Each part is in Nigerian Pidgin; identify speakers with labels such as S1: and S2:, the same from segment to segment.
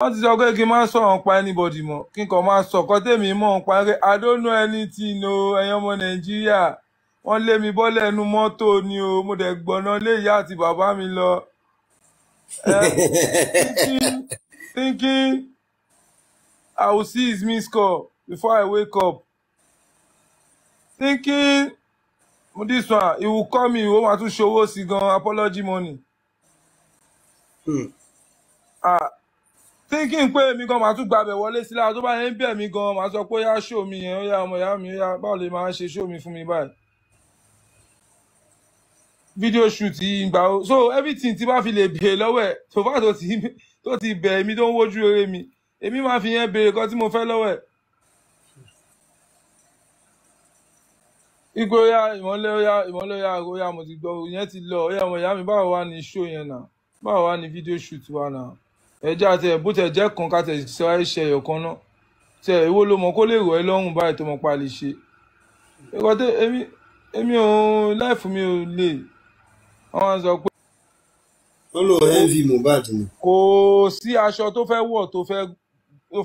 S1: wọ́n ti sọ pé kí n má sọ̀rọ̀ pa anybody mọ́ kí n kàn máa sọ̀kọ́ tèmi mọ̀ ń pa pé I don't know anything ọmọ Nàìjíríà wọ́n lé mi bọ́ lẹ́nu mọ́tò ni o mo dẹ̀ gbọ́nà lé ìyá àti bàbá mi lọ. thinking, thinking I will see his missed call before I wake up. thinking this one he will call me ó máa tún ṣòwò sí gan apology money. Hmm. Ah, thinking pé èmi gan màá tún gbàbẹ̀ wọlé sí lára tó bá yẹn ń bẹ̀ mí gan màá sọ pé ó yá ṣó mi yẹn ó yá ọmọ ìyá mi ó yá báwo lè máa ṣe ṣó mi fún mi báyìí video shoot yìí ń gbà ó so everything tí bá fi lè bèè lọ́wọ́ ẹ̀ tó bá tó ti bẹ̀ èmi tó ń wojú eré mi èmi máa fi yẹn béèrè kan tí mo fẹ́ lọ́wọ́ ẹ̀. igbe oya ìmọ̀lẹ́ oya ìmọ̀lẹ́ oya oya mo ti gbọ́ ìyẹn ti lọ oya ọmọ ìyá mi báwo wá ní show yẹn náà báwo wá ní video shoot wa náà ẹjẹ́ àti ẹ̀bùtẹ̀ jẹ́ kan ká tẹ̀ sọ ẹ́ ṣe ẹ̀yọ̀kan náà tẹ èwo ló mọ̀ kó lè rọ̀ ẹ́ lọ́rùn báyìí tó mọ̀ pa lè ṣe ẹ̀kọ́ tẹ èmi èmi ò láìfù mi ò lè wọ́n sọ pé. wọ́n lò mv Mohbad ni. kò sí aṣọ tó fẹ́ wọ̀ tó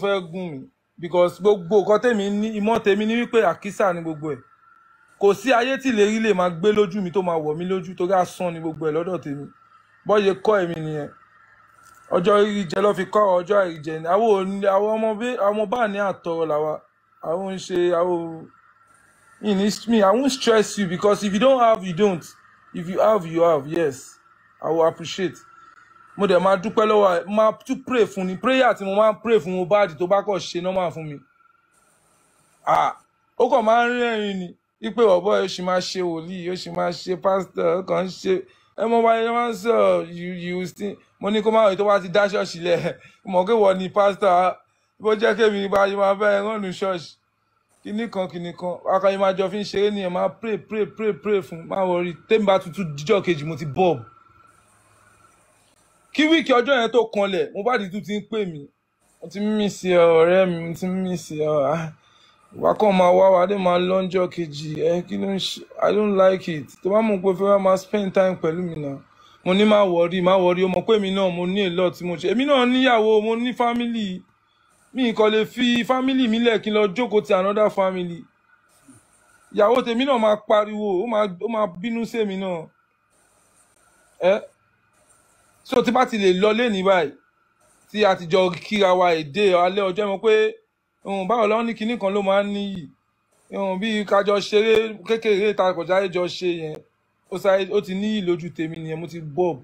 S1: fẹ́ gùn mí because gbogbo nǹkan tèmi ní ìmọ̀ tèmi ní wípé àkísà ni gbogbo ẹ̀ kò sí ayé tí ìlérí lè máa gbé lójú mi tó máa wọ̀ mí lójú torí asán ni gbogbo ẹ̀ lọ́dọ̀ tèmi bọ́ ṣe kọ́ èmi nìyẹn ọjọ́ ìjẹ ló fi kọ́ ọjọ́ ìjẹ ni àwọn ọmọ bí àwọn bá ní àtọrọ làwa àwọn ń ṣe àwọn in me i won't stress you because if you don't have you don't if you have you have yes i will appreciate mo dẹ̀ máa dúpẹ́ lọ́wọ́ máa tún pray fún ni prayer tí mo máa ń pray fún mo báàdì tó bá kọ̀ ṣe normal fún mi ó kàn máa ń rí ẹ̀rín ni wípé ọ̀bọ̀ yóò ṣì máa ṣe wòlíì yóò ṣì máa ṣe pásítọ̀ ó kàn ń ṣe ẹ mọ wáyé máa ń sọ you you still mo ní kó má wòye tó bá ti dá ṣọ́ọ̀ṣì lẹ̀ mọ̀ pé wọ́n ni pásítọ̀ bó jẹ́ kémi bá yẹ máa bẹ́ẹ̀ rán ṣọ́ọ̀ṣì kínní kan kínní kan akọni máa jọ fi ń ṣeré nìyẹn máa pray pray pray pray fún má wọrí tèmi bá tuntun jíjọ kejì mo ti bọ̀ kí wíìkì ọjọ́ yẹn tó kanlẹ̀ mo bá dìtú ti ń pè mí mo ti mímì sí ọ̀rẹ́ mi mo ti mímì sí ọ̀rẹ́ wa kàn máa wá wa dé máa lọ́njọ́ kejì ẹ eh, kí ló ń ṣe i don't like it tó bá mọ̀ pé fẹ́ máa spend time pẹ̀lú mi náà mo ní má wọrí má wọrí o mọ̀ pé èmi náà mo ní èlò tí mo ṣe èmi náà níyàwó mo ní fámìlì mi kò lè fi fámìlì mi lẹ̀ kí n lọ jókòó ti another family ìyàwó tèmi náà máa pariwo ó máa ó máa bínú sèmi náà ẹ so tí bá ti lè lọ lé ní báyìí tí a ti jọ kíra wa èdè alẹ́ ọjọ́ mọ̀ pé òun báwo lọ́wọ́ ní kinní kan ló máa ń níyì bí ká ṣeré kékeré ta kò jáde ṣe yẹn ó sáré ó ti níyì lójú tèmi nìyẹn mo ti bob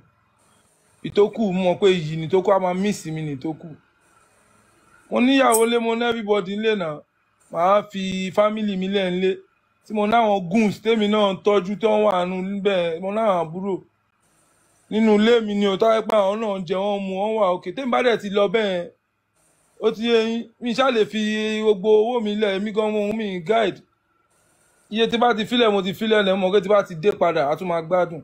S1: ìtókù mọ̀ pé iyì ni tó kú a máa miss mi ni tó kù mo níyàwó lé mo ní everybody lé náà màá fi family mi lẹ́ ń lé tí mo náwọn goons tèmi náà ń tọ́jú tí wọ́n wà nù níbẹ̀ mo náwọn àbúrò nínú ilé mi ni ò táwọn pé àwọn náà ń jẹ wọ́n mu wọ́n wà òkè tèmi bá dẹ̀ ti lọ bẹ́ẹ̀ ó ti yẹ mi ṣáà lè fi gbogbo owó mi lẹ̀ mí gan mo mi guide iye tí bá ti filẹ̀ mo ti filẹ̀ lẹ́mú ọ̀gẹ́ tí bá ti dé padà a tún máa gbádùn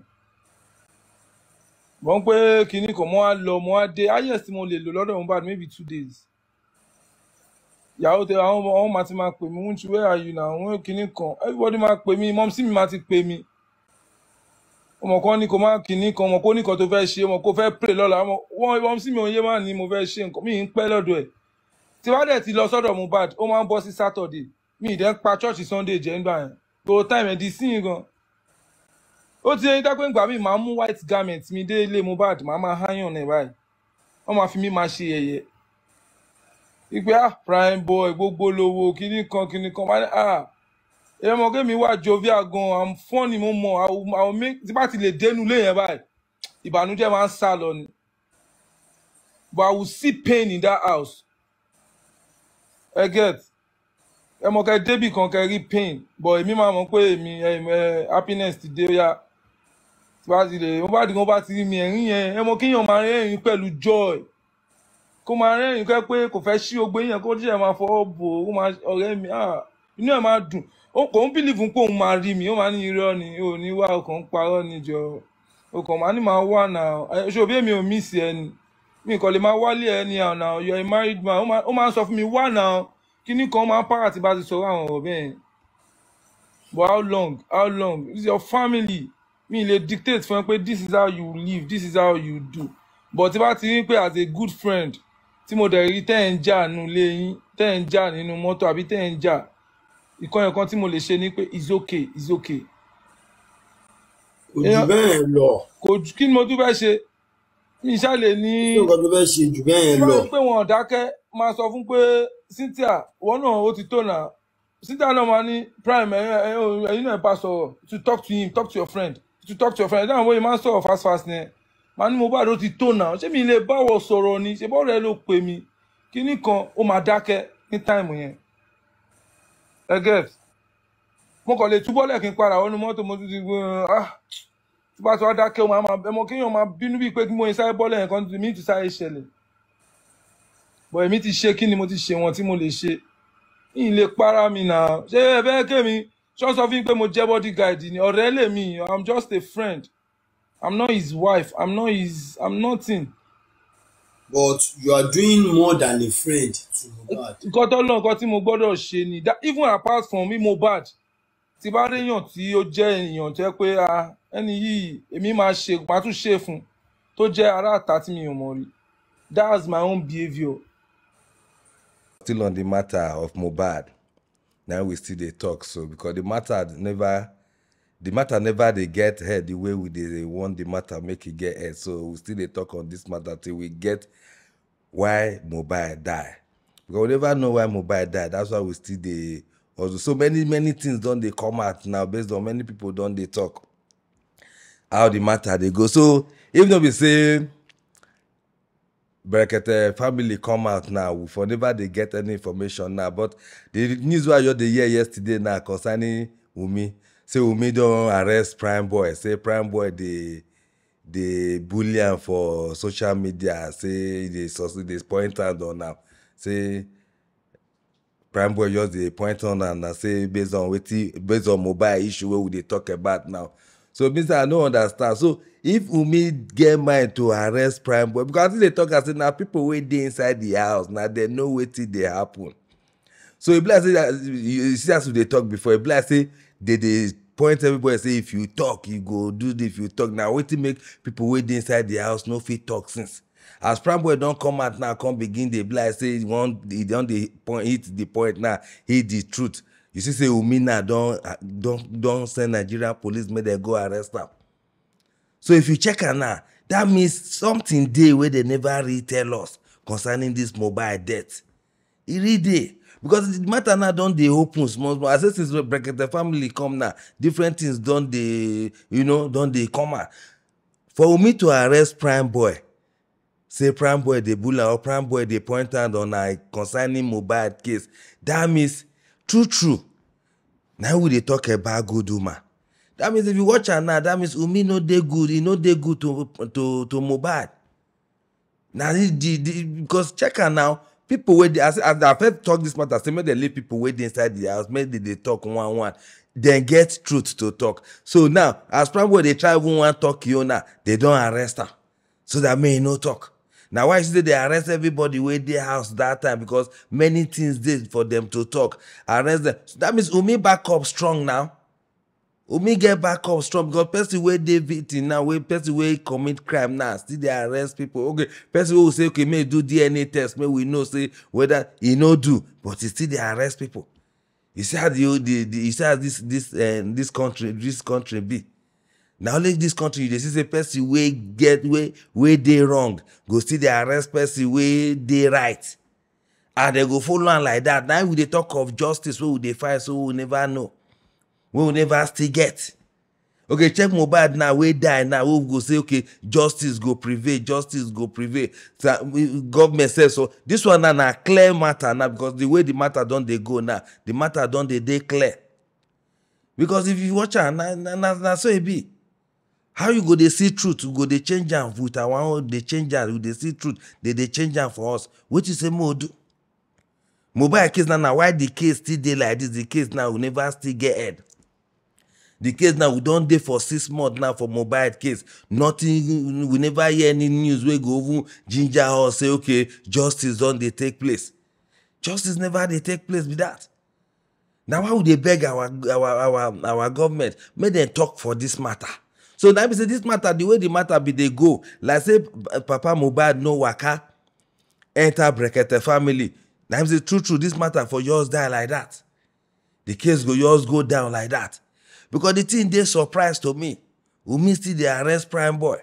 S1: wọ́n pé kinní kan mo á lọ mo á dé highest mo lè lò lọ́dọ̀ mo bá maybe two days ìyàwó tẹ àwọn ọmọ ọmọ máa ti máa pè mí wọ́n ti where are you now wọ́n kinní kan everybody máa pè mí mọ́mísí mi máa ti pè mí ọmọ kan ní kò má kinní kan ọmọ kó ní kan tó fẹ́ ṣe ọmọ kó fẹ́ pray lọ́la wọ́n mọ́mísí mi ò yé má ní mo fẹ́ ṣe nǹkan mi ń pẹ́ lọ́dọ̀ ẹ̀ tí wọ́n dẹ̀ ti lọ sọ́dọ̀ Mohbad ó máa ń bọ́ sí Saturday mi ì dẹ́ pa ṣọ́ọ̀ṣì sunday jẹ́ ńgbà yẹn kò táìmù ẹ̀ di sí yìí gan. ó ti ẹni dápẹ́ ńgbà mi máa mú white garment mi dé ilé mohbad máa máa háyàn náà báyìí wọ́n máa fi mí máa ṣe yẹ̀yẹ́. ìpè ah prime boy gbogbo lówó kinní kan kinní kan wá ní ah ẹ mọ̀ kí mi wá jovial gan am fọ́ọ̀nì mo mọ̀ àwọn mi tí bá ti lè dénú lé yẹn báyìí ìbànújẹ́ máa ń sá lọ ni but I will see pain in that house. I get ẹ mọ̀ kẹ́ débì kan kẹ́ rí pain bọ̀ èmi máa mọ̀ pé èmi happiness ti dé ya bá ti lè wọ́n bá di wọ́n bá ti rí mi ẹ̀rín yẹn ẹ mọ̀ kéèyàn máa rẹ́rìn pẹ̀lú joy kó máa rẹ́rìn kẹ́ pé kò fẹ́ sí ogbó yẹn kó díẹ̀ máa fọwọ́ bò ó máa ọ̀rẹ́ mi inú ẹ̀ máa dùn kò ń bìlìfù pé òun máa rí mi ó máa ní irọ́ ni ò ní wá ọkàn ń parọ́ ni jọ ọkàn máa ní máa wà náà ṣòbí èmi ò mí sí ẹni mi kò lè máa wálé ẹni àná you are a married man ó máa ń sọ fún mi wà náà kíní kan máa ń para tí bá ti sọ̀rọ̀ àwọn ọ̀rọ̀ but how long how long is your family mi lè dictate fún ẹ this is how you live this is how you do but tí bá ti rí pé as a good friend tí mo dẹ̀ rí tẹ́ ẹ̀ ń jà nínú ilé yín tẹ́ ẹ̀ ń jà nínú mọ́tò àbí tẹ́ ẹ̀ ń kan tí mo lè ṣe ni pé it's okay Is okay. kò jù bẹ́ẹ̀ lọ. kò jù kí ni mo tún fẹ́ ṣe mi ṣáà lè ní. kí ni nǹkan tó fẹ́ ṣe jù bẹ́ẹ̀ lọ. máa ń pè wọ́n dákẹ́ máa sọ fún pé Cynthia wọn náà ó ti tó na Cynthia náà máa ní prime ẹyin náà bá sọ̀rọ̀ to talk to him talk to your friend to talk to your friend dáhùn wọ́n yìí máa ń sọ̀rọ̀ fast fast ni màá ní Mohbad ó ti tó na ṣé mi lè báwọ̀ sọ̀rọ̀ ni ṣe bọ́ọ̀rọ̀ ẹ ló pè mí kíní kan ó máa dákẹ́ ní táìmù yẹn ẹ gẹ́t mo kàn lè túbọ̀ lẹ́ẹ̀kí para ọ̀nù mọ́tò mo ti ti gbọ́n ah tí bá ti wá dákẹ́ ọmọ kéèyàn máa bínú bíi pé kí mo sáré bọ́ọ̀lù yẹn kan mi ti sáré ṣẹlẹ̀ bọ̀ èmi ti ṣe kí ni mo ti ṣe wọn tí mo lè ṣe yìí lè para mi náà ṣé ẹ fẹ́ kémi ṣọ́ọ́ sọ fún mi pé mo jẹ́ body guide ni ọ̀rẹ́ lèmi i'm just a friend i'm not his wife i'm not his i'm nothing. but you are doing more than a friend to Mohbad. nǹkan tó lọ nǹkan tí mo gbọ́dọ̀ ṣe ni even apart from me Mohbad tí bá réèyàn tí ó jẹ́ èèyàn jẹ́ pé ẹni yìí èmi máa ṣe máa tún ṣe fún tó jẹ́ aráàta tí mi ò mọ̀ rí that's my own behaviour
S2: still on the matter of Mobad. Now we still they talk so because the matter never the matter never they get head the way we they, want the matter make it e get head. So we still they talk on this matter till we get why Mobile die. Because we never know why Mobile die. That's why we still they also so many many things don't they come out now based on many people don't they talk how the matter they go. So even though we say Berekete family come out now. We for never they get any information now. But the news why you the hear yesterday now concerning Wumi. Say Wumi don arrest Prime Boy. Say Prime Boy they they bully am for social media. Say they they point out on am. Say prime boy just dey point on am na say based on wetin based on mobile issue wey we dey talk about now so means i no understand so if wunmi get mind to arrest prime boy because i think they talk am say na people wey dey inside the house na dem know wetin dey happen so e be like say you see as we dey talk before e be like say they dey point everybody say if you talk you go do this if you talk na wetin make people wey dey inside the house no fit talk since as prime boy don come out now come begin dey be like say he wan he don dey point hit the point now hit the truth you see say umina don ah, don don send nigeria police make they go arrest am so if you check am now that means something day where they never retell us concerning this mobile debt e really dey because the matter now don't they open small small i say since the family come now different things don't they you know don't they come out for wunmi to arrest prime boy say prime boy dey bull am or prime boy dey point hand on her concerning mobile case that means true true na we dey talk about good woman that means if you watch her now that means umi no dey good e no dey good to to to mohbad na the the because check her now people wey dey as as i first talk this matter say make dem leave people wey dey inside the house make dem dey talk one one dem get truth to talk so now as prime boy dey try even wan talk yona dey don arrest am so that make e no talk na why she say they arrest everybody wey dey house that time because many things dey for dem to talk arrest dem so that means umi back up strong now umi get back up strong because person wey dey victim now wey person wey commit crime now still dey arrest people okay person wey say okay make do dna test make we know say whether e no do but e still dey arrest people you see how the the, the you see how this this uh, this country this country be na only dis country you dey see say person wey get wey dey wrong go still dey arrest person wey dey right and dem go follow am like dat now we dey talk of justice wey we dey find so we never know wey we never still get okay check mohbad now wey die now wey go say okay justice go prevail justice go prevail government sef so dis one now na clear matter now because the way the matter don dey go now the matter don dey dey clear because if you watch am na na na so e be how you go dey see truth we go dey change am with our own dey change am we dey see truth dey dey change am for us wetin say mo do mobile case now na why the case still dey like this the case now we never still get head the case now we don dey for six months now for mobile case nothing we never hear any news wey go even ginger us say okay justice don dey take place justice never dey take place be that na why we dey beg our our our our government make dem talk for this matter so na be say this matter the way the matter be dey go like say eh, papa mohbad no waka enter brekete family na be say true true this matter for just die like that. The case go just go down like that because the thing dey surprise to me wunmi still dey arrest prime boy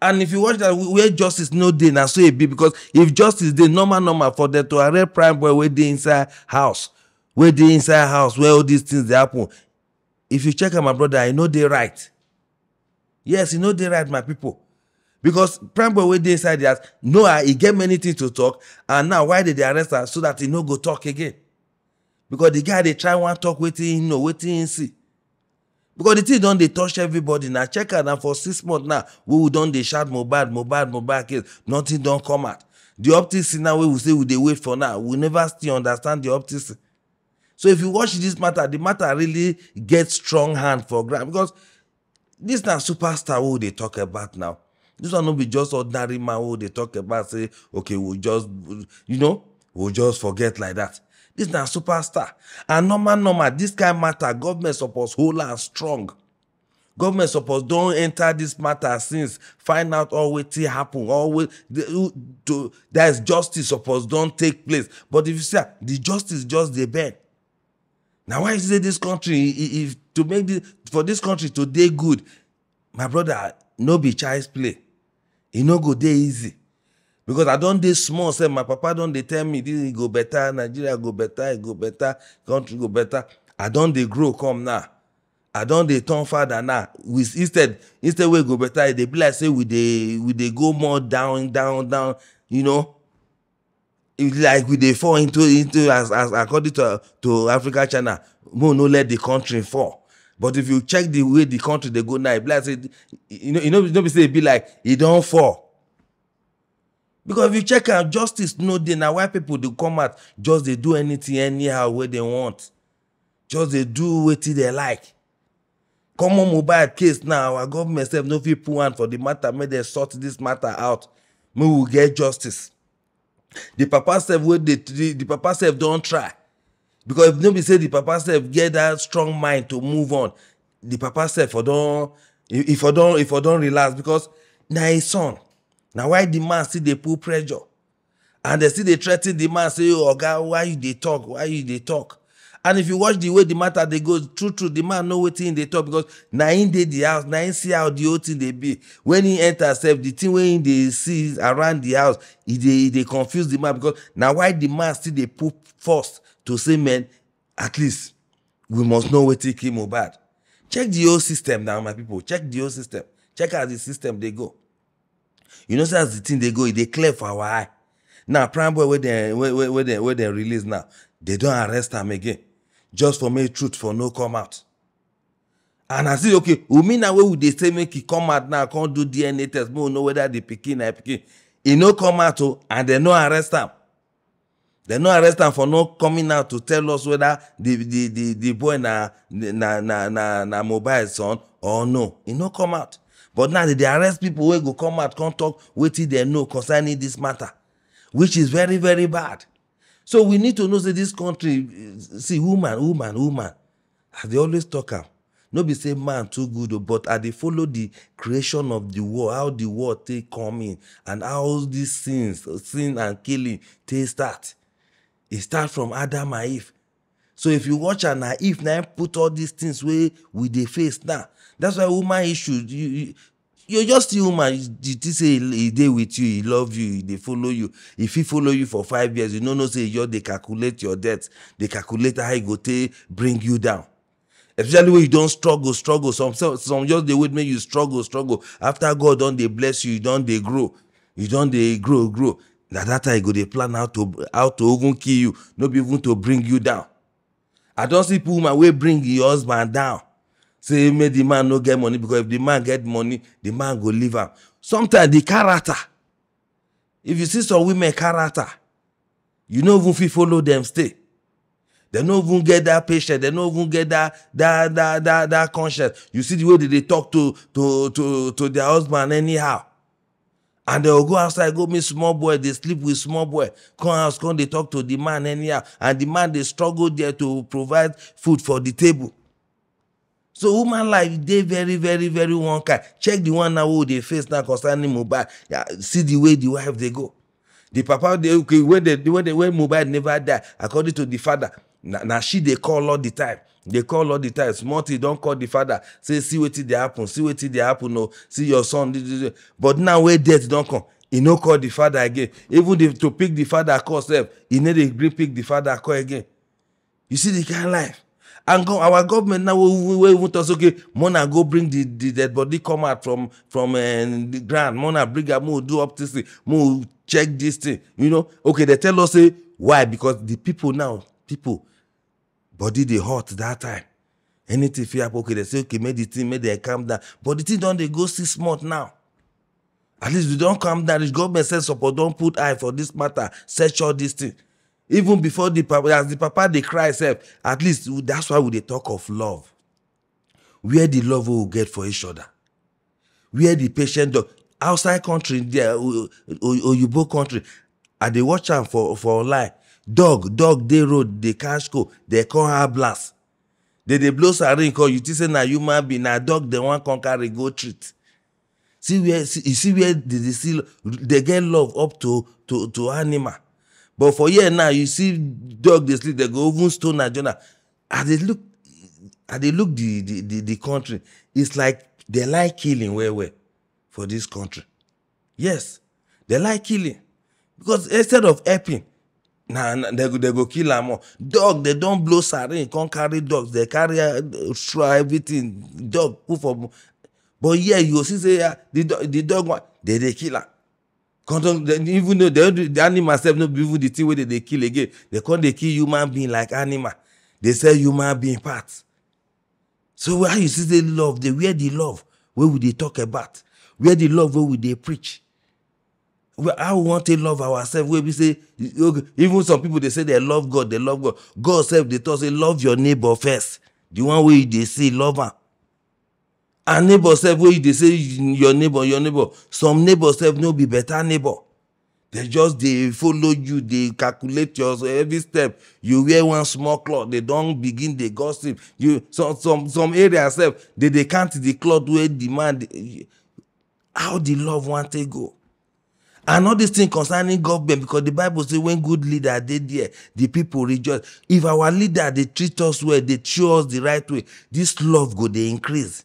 S2: and if you watch that where justice no dey na so e be because if justice dey normal normal for them to arrest prime boy wey dey inside house wey dey inside house where all these things dey happen if you check am my brother I no dey right yes e no dey right my people, because prime boy wey dey inside di house know her e get many things to talk and now why dey dey arrest her so that he no go talk again because the guy dey try wan talk wetin e know wetin e see because the thing don dey touch everybody na check am and for six months now wey we don dey shout mohbad mohbad mohbad case nothing don come out di optics now wey we say we dey wait for now we never still understand the optics So if you watch this matter, the matter really gets strong hand for ground because this now superstar who they talk about now. This one no be just ordinary man who they talk about say okay we we'll just you know we we'll just forget like that. This now superstar and normal normal this kind matter government suppose whole and strong. government suppose don't enter this matter since find out all wetin happened all wey that is justice suppose don't take place but if you see the justice just dey bend Now why is it this country if to make this for this country to day good my brother no be child's play e no go day easy because i don't dey small Say my papa don't dey tell me this e go better nigeria go better e go better country go better i don't they grow come now i don't they turn father now we instead instead wey e go better They dey be like say we they we dey go more down down down you know like we dey fall into into as as according to to africa channel mo no let the country fall but if you check the way the country dey go now e be like say you know you know no be say e be like e don fall because if you check am justice no dey na why people dey come out just dey do anything anyhow wey dem want just dey do wetin dem like common mobile case now our government sef no fit put hand for the matter make dem sort this matter out make we get justice the papa self, wey dey the, the papa self don't try because if no say the papa self get that strong mind to move on the papa sef for don't if e, e I don't if e I don't relax because now him son now why the man see dey put pressure and they see dey threa the man say oh God, why you they talk why you they talk and if you watch the way the matter dey go true true the man know wetin he dey talk because na him dey the house na him see how the whole thing dey be when he enter sef the thing wey he dey see around the house e dey e dey confuse the man because na why the man still dey put first to say men at least we must know wetin kill mohbad check the whole system now my people check the whole system check as the system dey go you know say as the thing dey go e dey clear for our eye now prime boy wey dem wey wey wey dem release now they don arrest am again just for make truth for no come out and i say okay umi na wey we dey say make e come out now come do dna test make we know whether the pikin na pikin e no come out o oh, and dem no arrest am dem no arrest am for no coming out to tell us whether the the the, the boy na na na na na mobile son or no e no come out but now they dey arrest people wey go come out come talk wetin dem know concerning this matter which is very very bad so we need to know say this country see woman woman woman as dey always talk am no be say man too good o oh, but i dey follow the creation of the world how the world take come in and how these sins sin and killing take start e start from adam and eve so if you watch am na eve na im put all these things wey we dey face now that's why woman issue you, you, you just see woman you think say he dey with you He love you He dey follow you e fit follow you for five years you no know say e just dey calculate your debt dey calculate how e go take bring you down especially when you don struggle struggle some some just dey wait make you struggle struggle after god don dey bless you you don dey grow you don dey grow grow na that time you go dey plan how to how to even kill you no be even to bring you down i don see people woman wey bring im husband down say make the man no get money because if the man get money the man go leave am sometimes the character if you see some women character you no even fit follow them. stay They no even get that patience They no even get that that that that that conscience you see the way they dey talk to to to to their husband anyhow and they go go outside go meet small boy dey sleep with small boy come house come dey talk to the man anyhow and the man dey struggle there to provide food for the table so woman life dey very very very one kind check the one now wey dey face now concerning Yeah, see the way the wife dey go the papa dey okay when the when the when mobile never die according to the father na na she dey call all the time dey call all the time small thing don call the father say see wetin dey happen see wetin dey happen o oh. see your son but now wey death don come e no call the father again even the, to pick the father call sef e no dey gree pick the father call again you see the kind life and go, our government now we we even talk okay mona go bring the the dead body come out from from uh, the ground mona bring am mo do up this thing mo check this thing you know okay they tell us say eh, why because the people now people body dey hot that time anything fit happen okay they say okay make the thing make them calm down but the thing don dey go six months now at least we don calm down the government sef support don put eye for this matter search all this thing even before the papa as the papa dey cry sef at least that's why we dey talk of love where the love wey we get for each other where the patient dog outside country there oyibo country i dey watch am for for online dog dog dey road dey catch cold dey come her blast dey dey blow sarin call you think say na human being na dog dem wan come carry go treat see where see, you see where dey dey still dey get love up to to to animal but for here now you see dog dey sleep dem go even stone nigeria As dey look as dey look the the the, the country it's like they like killing well well for this country yes they like killing because instead of helping na na they go they go kill am all dog they don blow sarin come carry dogs they carry straw uh, everything dog put for but here you go see say uh, the dog the dog one they dey kill am condom dem even though dem do the animal sef no be even the thing wey dem dey kill again They come dey kill human being like animal dey sell human being part so how you see say love dey where the love wey we dey talk about where the love wey we dey preach how we wan take love ourselves wey be say even some people dey say they love god they love god god sef dey talk say love your neighbor first the one wey you dey see love am and neighbor sef wey you dey say your neighbor your neighbor some neighbor sef no be better neighbor dem just dey follow you dey calculate your every step you wear one small cloth dey don begin dey gossip you some some some area sef dey dey count the cloth wey the man dey how the love wan take go and all this thing concerning government because the bible say when good leader dey there the people rejoice if our leader dey treat us well dey show us the right way this love go dey increase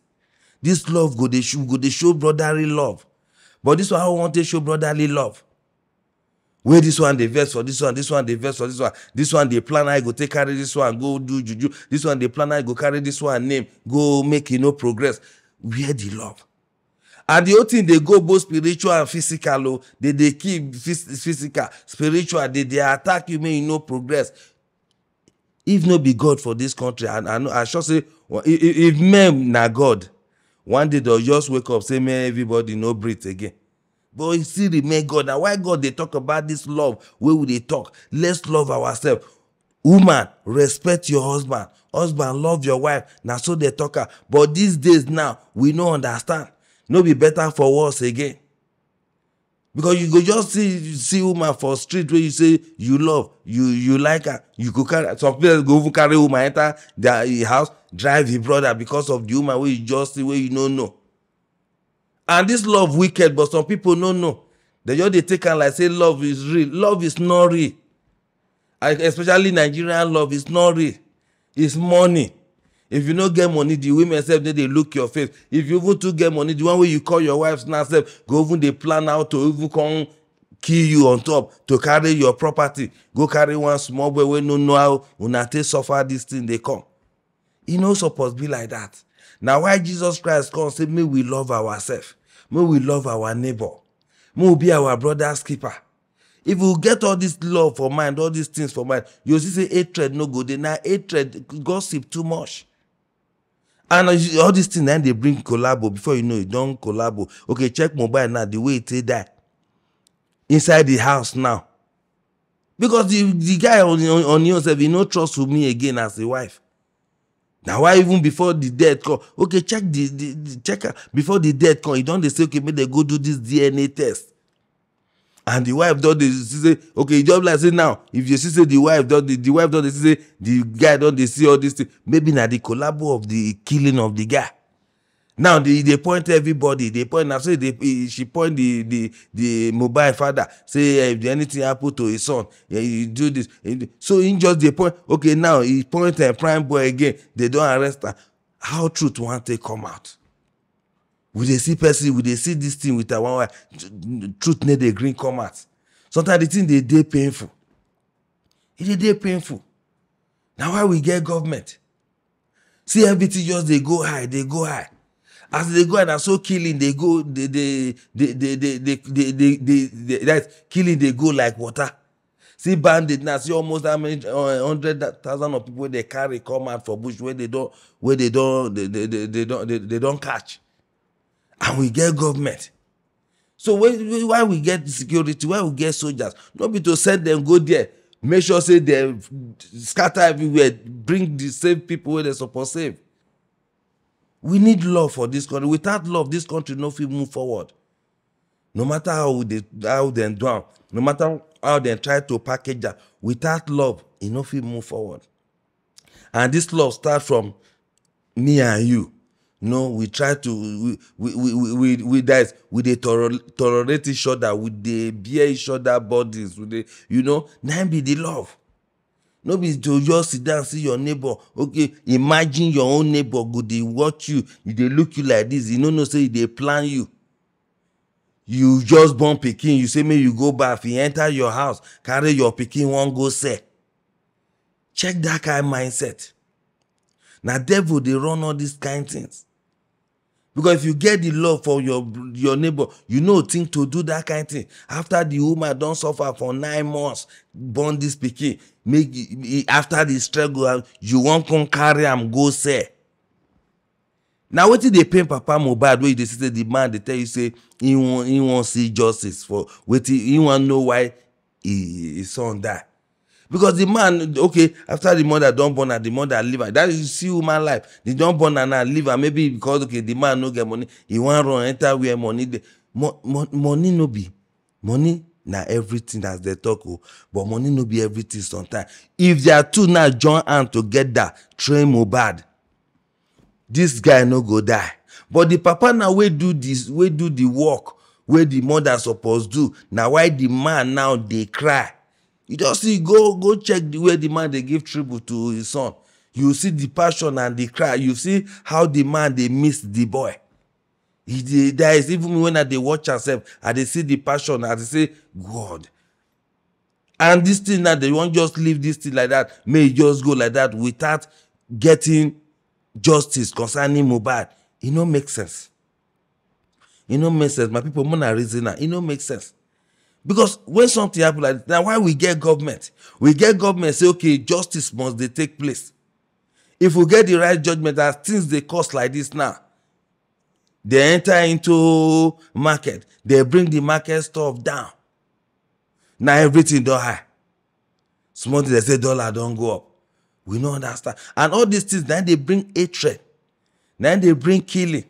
S2: This love go dey show go dey show brotherly love but this one how we wan take show brotherly love wey this one dey vex for this one this one dey vex for this one this one dey plan how e go take carry this one go do juju this one dey plan how e go carry this one name go make e no progress where the love and the whole thing dey go both spiritual and physical o dey dey keep physical spiritual dey dey attack you make you e no progress if no be god for this country and i know i sure say if, if, if men na god one day dem just wake up say make everybody no breathe again but e still remain god na why god dey talk about this love wey we dey talk let's love ourselves woman respect your husband husband love your wife na so dey talk am but these days now we no understand no be better for us again because you go just see see woman for street wey you say you love you you like her you go carry some people go even carry woman enter their house drive e brother because of the woman wey you just see wey you no know and this love wicked but some people no know they just dey take am like say love is real love is not real especially nigerian love is not real it's money if you no get money the women sef dey dey look your face if you even too get money the one wey you call your wife now sef go even dey plan how to even come kill you on top to carry your property go carry one small boy wey no know how una take suffer this thing dey come e no suppose be like that na why jesus christ come say make we love ourself, make we love our neighbor make we be our brother's keeper if we get all this love for mind all these things for mind you see say hatred no go dey na hatred gossip too much and all these things, then they bring collabo before you know it, don collabo okay check mobile now the way e take die inside the house now because the the guy on on himself he no trust with me again as a wife na why even before the death come okay check the the check before the death come He don dey say okay make dem go do this dna test and the wife don dey see say okay just like say now if you see say the wife don dey the wife don dey see say the guy don dey see all this thing maybe na the collabo of the killing of the guy now they dey point everybody dey point na so they she point the the the mobile father say eh, if anything happen to his son eh, he do this so he just dey point okay now he point uh, prime boy again they don arrest am how truth wan take come out we dey see person we dey see this thing with our one eye truth no dey gree come out sometimes the thing dey dey painful e dey dey painful na why we get government see everything just dey go high dey go high as they go and na so killing dey go dey dey dey dey dey dey dey that killing dey go like water see bandit now see almost how many hundred thousand of people wey dey carry come out for bush wey dey don wey dey don dey dey don dey don catch and we get government so when, when we get security Why we get soldiers Not be to send them go there make sure say they scatter everywhere bring the same people where wey supposed to save we need love for this country without love this country no fit move forward no matter how they how they do no matter how they try to package that, without love enough fit move forward and this love start from me and you no we try to we we we we, we, we guys we dey tolerate each other we dey bear each other bodies, we dey you know na be the love no be to just sit down see your neighbor okay imagine your own neighbor go dey watch you e dey look you like this you e no know say e dey plan you you just born pikin you say make you go baff e enter your house carry your pikin wan go sell check that kind of mindset na devil dey run all these kind things because if you get the love for your your neighbor you no think to do that kind of thing after the woman don suffer for nine months born this pikin make e, e, after the struggle uh, you wan come carry am go sell na wetin dey pain papa mohbad wey you dey see say the man dey tell you say he wan he wan see justice for wetin he wan know why he he son die because the man okay after the mother don born her the mother leave her that is see woman life the don born her now leave her maybe because okay the man no get money he wan run enter where money dey mo mo money no be money na everything as they talk o but money no be everything sometimes if their two now join hand together train mohbad this guy no go die but the papa na wey do this wey do the work wey the mother suppose do na why the man now dey cry you just see go go check the way the man dey give tribute to his son you see the passion and the cry you see how the man dey miss the boy he dey there is even when i dey watch am sef i dey see the passion i dey say god and this thing now they wan just leave this thing like that may e just go like that without getting justice concerning mohbad e no make sense e no make sense my people una reason am e no make sense because when something happen like that why we get government we get government say okay justice must dey take place if we get the right judgment as things dey cost like this now they enter into market they bring the market stuff down na everything don high small thing dey say dollar don go up we no understand and all these things na dey bring hatred na dey bring killing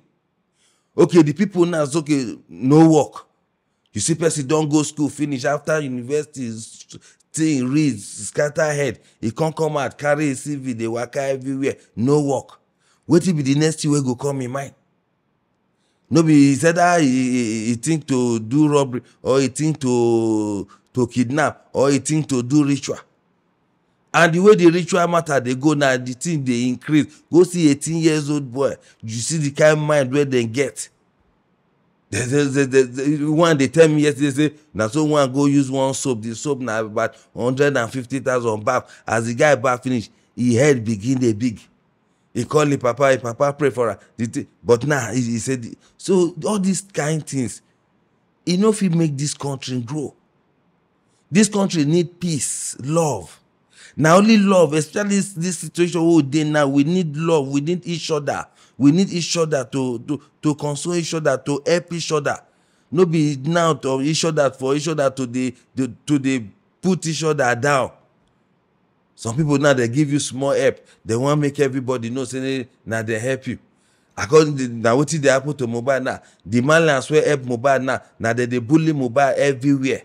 S2: okay the people now say okay no work you see person don't go school finish after university thing read scatter head e come come out carry a e cv dey waka everywhere no work What will be the next thing wey go come in mind no be either he e think to do robbery or he think to to kidnap or he think to do ritual and the way the ritual matter they go now the thing they increase go see 18 years old boy you see the kind mind where they get they, they, they, they, one dey tell me yesterday say na so one go use one soap the soap na about hundred and fifty thousand baff as the guy baff finish he head begin dey big he call him papa him papa pray for am the thing but now nah, he, he say the so all these kind things e no fit make this country grow this country need peace love na only love especially this, this situation wey we dey now we need love we need each other we need each other to to to console each other to help each other no be now to each other for each other to dey to dey put each other down some people now dey give you small help they wan make everybody know say na dey help you according to na wetin dey happen to mohbad now the malams wey help mohbad now na dem dey bully mohbad everywhere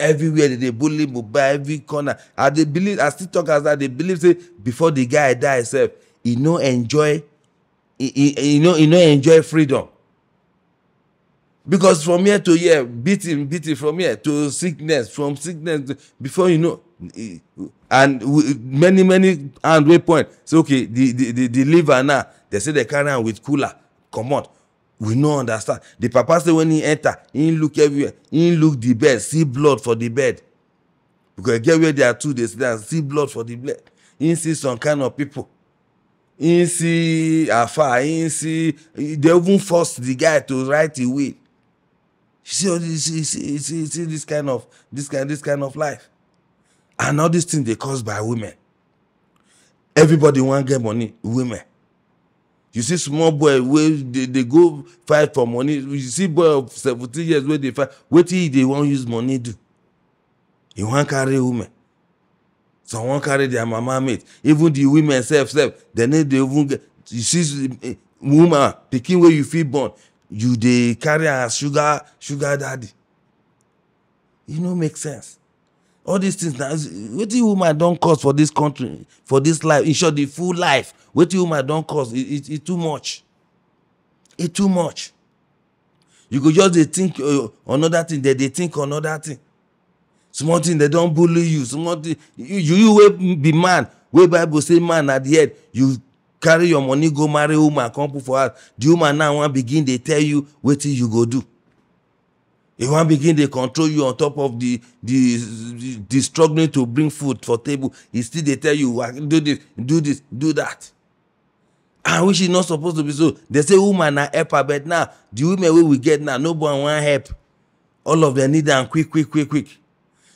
S2: everywhere dem dey bully mohbad every corner i dey believe i still talk as i dey believe say before the guy die sef he no enjoy e no enjoy freedom because from here to here beating beating from here to sickness from sickness to, before you know and many many hand wey point say okay the the the, the liver now they say they carry am with cooler comot we no understand the papa say when he enter he look everywhere he look the bed see blood for the bed because e get where their two dey sit down see blood for the bed he see some kind of people Insi Afa, Insi, they even force the guy to write a will. See all oh, this, see, see, see, see this kind of this kind this kind of life, and all these things they caused by women. Everybody wan get money, women. You see small boy wey dey dey go fight for money. You see boy of seventeen years wey dey fight, wetin he dey wan use money do? He wan carry women some wan carry their mama mate even the women sef sef dem no dey even get you see woman pikin wey you fit born you dey carry her sugar sugar daddy e no make sense all these things na wetin woman don cause for this country for this life in short the full life wetin woman don cause e e e too much e too much you go just dey think uh, another thing dem dey think another thing small thing dem don bully you small thing you you wey be man wey bible say man na the head you carry your money go marry woman come put for house the woman now wan begin dey tell you wetin you go do e wan begin dey control you on top of the the the, struggling to bring food for table e still dey tell you ah, do this do this do that and ah, which is not supposed to be so dey say woman na helper but now the women wey we get now no one wan help all of them need am quick quick quick quick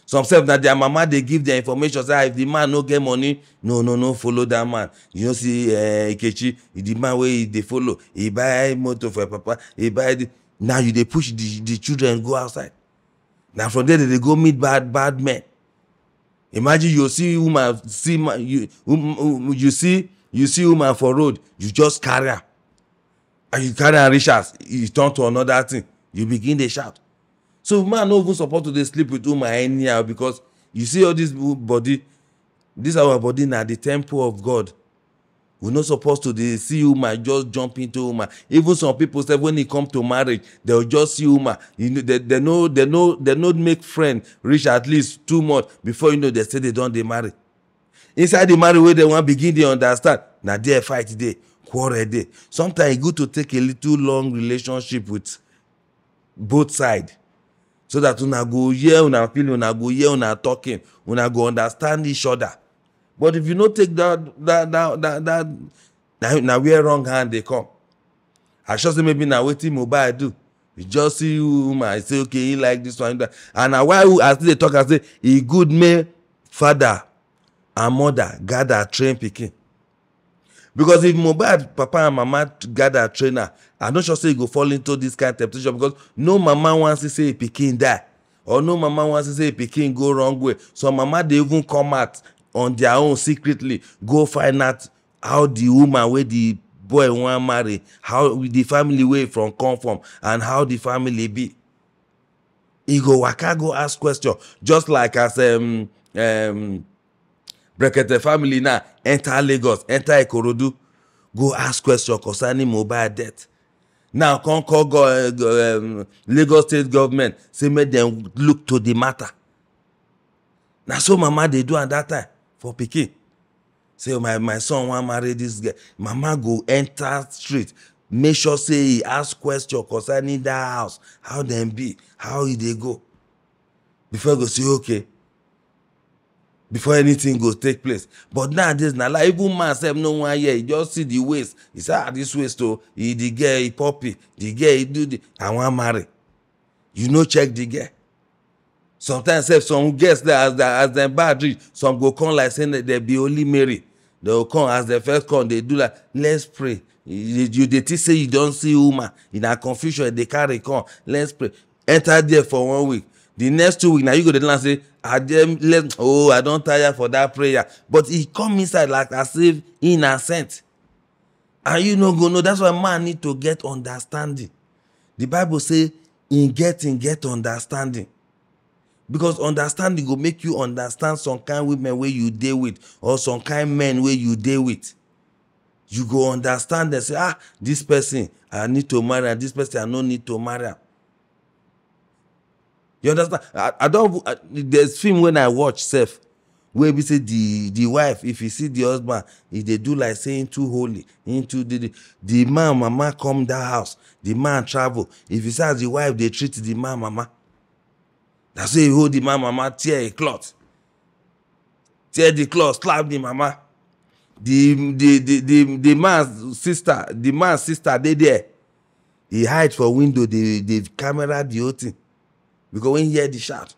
S2: some sef na their mama dey give their information say ah if the man no get money no no no follow that man you know see uh, eh, Nkechi the man wey he dey follow he buy motor for papa he buy the now you dey push the the children go outside na from there they dey go meet bad bad men imagine you see woman see man you um, um, you see you see woman for road you just carry am and you carry am reach house e turn to another thing you begin dey shout so man no even support to dey sleep with woman anyhow because you see all this body this our body na the temple of god we no suppose to dey see woman just jump into woman even some people sef when e come to marriage they just see woman you know they they no they no they no make friend reach at least two months before you know they say they don dey marry inside the marriage wey dem wan begin dey understand na there fight dey quarrel dey sometimes e good to take a little long relationship with both side so that una go hear una feeling una go hear una talking una go understand each other but if you no take that that that that that na, na where wrong hand dey come i sure say maybe na wetin mobile do you just see woman um, say okay he like this one and na why i still dey talk am say e good make father and mother gather train pikin because if mobile papa and mama gather train her i no sure say you go fall into this kind of temptation because no mama wan see say pikin die or no mama wan see say pikin go wrong way some mama dey even come out on their own secretly go find out how the woman wey the boy wan marry how the family wey from come from and how the family be e go waka go ask question just like as um, um, brekete family now enter lagos enter ikorodu go ask question concerning mobile debt now come call go, uh, um, lagos state government say make dem look to the matter na so mama dey do am that time for pikin say my my son wan marry this girl mama go enter street make sure say he ask question concerning that house how dem be how e dey go before go say okay before anything go take place but nowadays na like even man sef no wan hear he just see the waste. he say ah this waste, o oh, he the girl he poppy the girl he do the i wan marry you no check the girl sometimes sef some girls dey as dem as dem bad reach some go come like say dem be only mary dem go come as dem first come dey do like let's pray you dey think say you don see woman In na confusion dey carry come let's pray enter there for one week the next two weeks na you go dey learn say i ah, dey let oh i don tire for that prayer but e come inside like as if e na scent and you no go know that's why man need to get understanding the bible say in getting get understanding because understanding go make you understand some kind women wey you dey with or some kind men wey you dey with you go understand them say ah this person i need to marry am this person i no need to marry am you understand i, I don I, there's film when i watch self. wey be say the the wife if you see the husband he dey do like say him too holy him too dey the, the man mama come that house the man travel if you see as the wife dey treat the man mama na so he hold the man mama tear him cloth tear the cloth slap the mama the the the the, the man sister the man sister dey there he hide for window the the camera the whole thing because when he hear the shout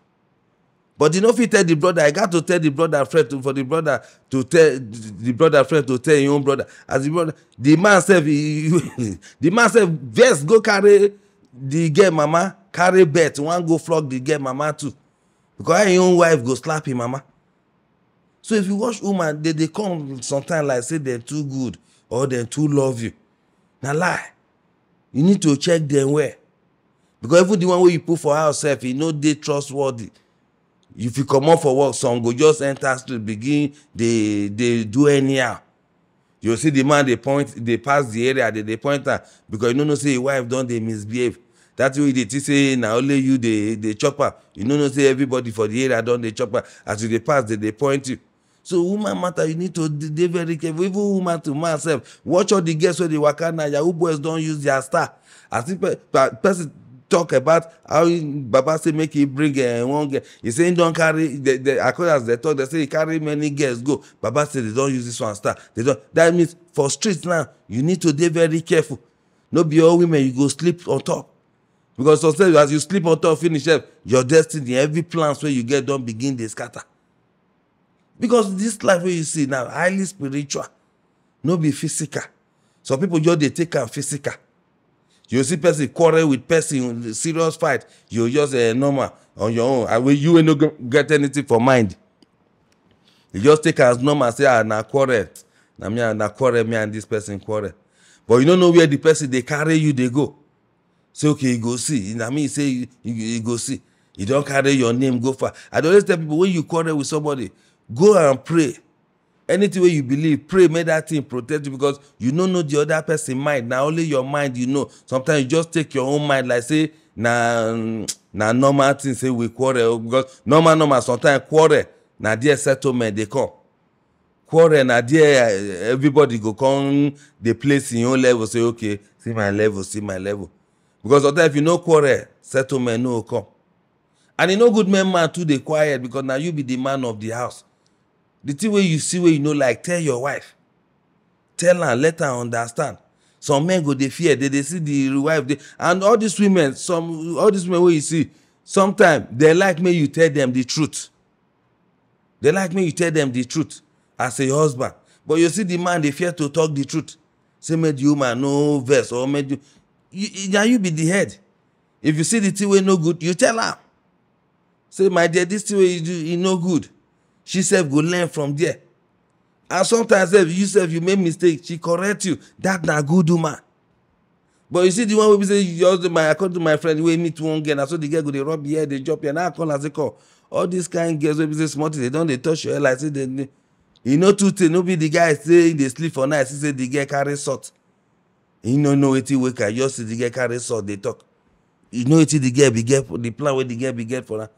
S2: but you no fit tell the brother i got to tell the brother friend to for the brother to tell the brother friend to tell him own brother as the brother the man said, the man said, yes. go carry the girl mama carry bet one. go flog the girl mama too because how him own wife go slap him mama so if you watch woman they they come sometimes like say dem too good or they too love you na lie you need to check them where because even the one wey you put for house sef e no dey trustworthy if you comot for work some go just enter street begin dey dey do anyhow you see the man dey point dey pass the area dey dey point am because you no know say him wife don dey misbehave that way you dey think say na only you dey dey chop am you no know say everybody for the area don dey chop am as you dey pass dey dey point you so woman matter you need to dey very careful even woman to man sef watch all the girls wey dey waka now yahoo boys don use their star as if person talk about how baba say make he bring uh, one girl he say he don carry the the according as they talk they say he carry many girls go baba say they don use this one star they don that means for street now you need to dey very careful no be all women you go sleep on top because sometimes as you sleep on top finish sef your destiny every plans wey you get don begin dey scatter because this life wey you see now highly spiritual no be physical some people just dey take am physical you see person quarrel with person serious fight you just uh, normal on your own and you wey no get anything for mind you just take as normal say ah na quarrel na me and na quarrel me and this person quarrel but you no know where the person dey carry you dey go say okay you go see na me say you, you, you go see you don carry your name go far i dey always tell people when you quarrel with somebody go and pray anything wey you believe pray make that thing protect you because you no know the other person mind na only your mind you know sometimes you just take your own mind like say na na normal thing say we quarrel because normal normal sometimes quarrel na there settlement dey come quarrel na there eh, everybody go come dey place im own level say okay see my level see my level because sometimes if you no quarrel settlement no go come and e no good make man too dey quiet because na you be the man of the house the thing wey you see wey you no like tell your wife tell am let am understand some men go dey fear dey dey see the wife dey and all these women some all these women wey you see sometimes they like make you tell them the truth they like make you tell them the truth as a husband but you see the man dey fear to talk the truth say make the woman no vex or make the you na you be the head if you see the thing wey no good you tell am say my dear this thing wey you do e no good she sef go learn from there and sometimes sef you sef you make mistake she correct you that na good woman but you see the one wey be say you just dey my according to my friend wey meet one girl na so the girl go dey rub your hair dey chop hair now i call am say come all these kind girls wey be say small things dey don dey touch your hair like say dey e no too tey no be the guy say he dey sleep for night see say the girl carry salt he no know wetin wake her just see the girl carry salt dey talk he know wetin the girl be get the plan wey the girl be get for am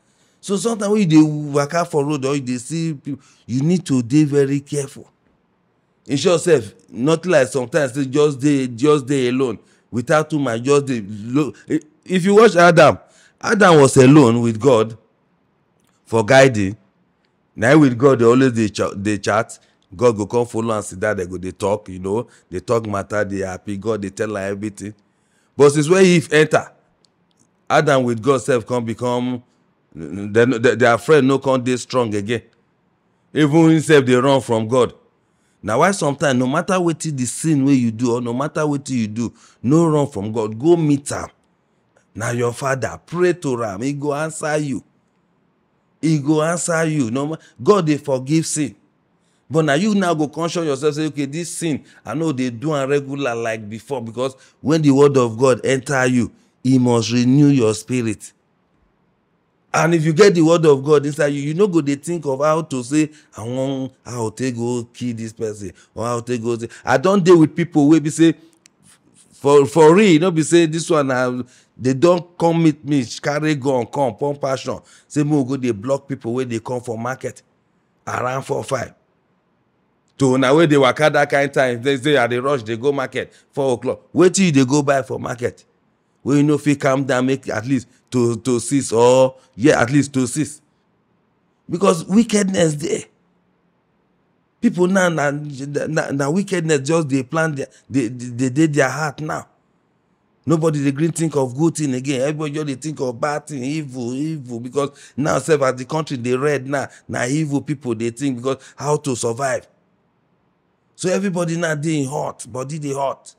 S2: so sometimes when you dey waka for road or you dey see people you need to dey very careful ensure sef not like sometimes say just dey just dey alone without too much just dey eh, if you watch adam adam was alone with god for guiding na with god dey always dey ch dey chat god go come follow am sit down dem go dey talk you know dey talk matter dey happy god dey tell am everything but since when eve enter adam with god sef come become dem their friend no come dey strong again even himself dey run from god na why sometimes no matter wetin the sin wey you do or no matter wetin you do no run from god go meet am na your father pray to am he go answer you he go answer you no god dey forgive sin but na you now go conscious yourself say okay this sin i no dey do am regular like before because when the word of god enter you e must renew your spirit and if you get the word of god inside you you no go dey think of how to say i wan how to go kill this person or how to go say i don dey with people wey be say for for real e no be say this one na they don come meet me carry gun come pump passion say make we go dey block people wey dey come for market around four five to una wey dey waka that kind time they say i dey rush dey go market four o'clock wetin you dey go buy for market wey you no fit calm down make at least to to six or yeah at least to six because wickedness dey people now na na na wickedness just dey plan their dey dey dey their heart now nobody dey gree think of good thing again everybody just dey think of bad thing evil evil because now sef as the country dey red now na evil people dey think because how to survive so everybody now dey hot body dey hot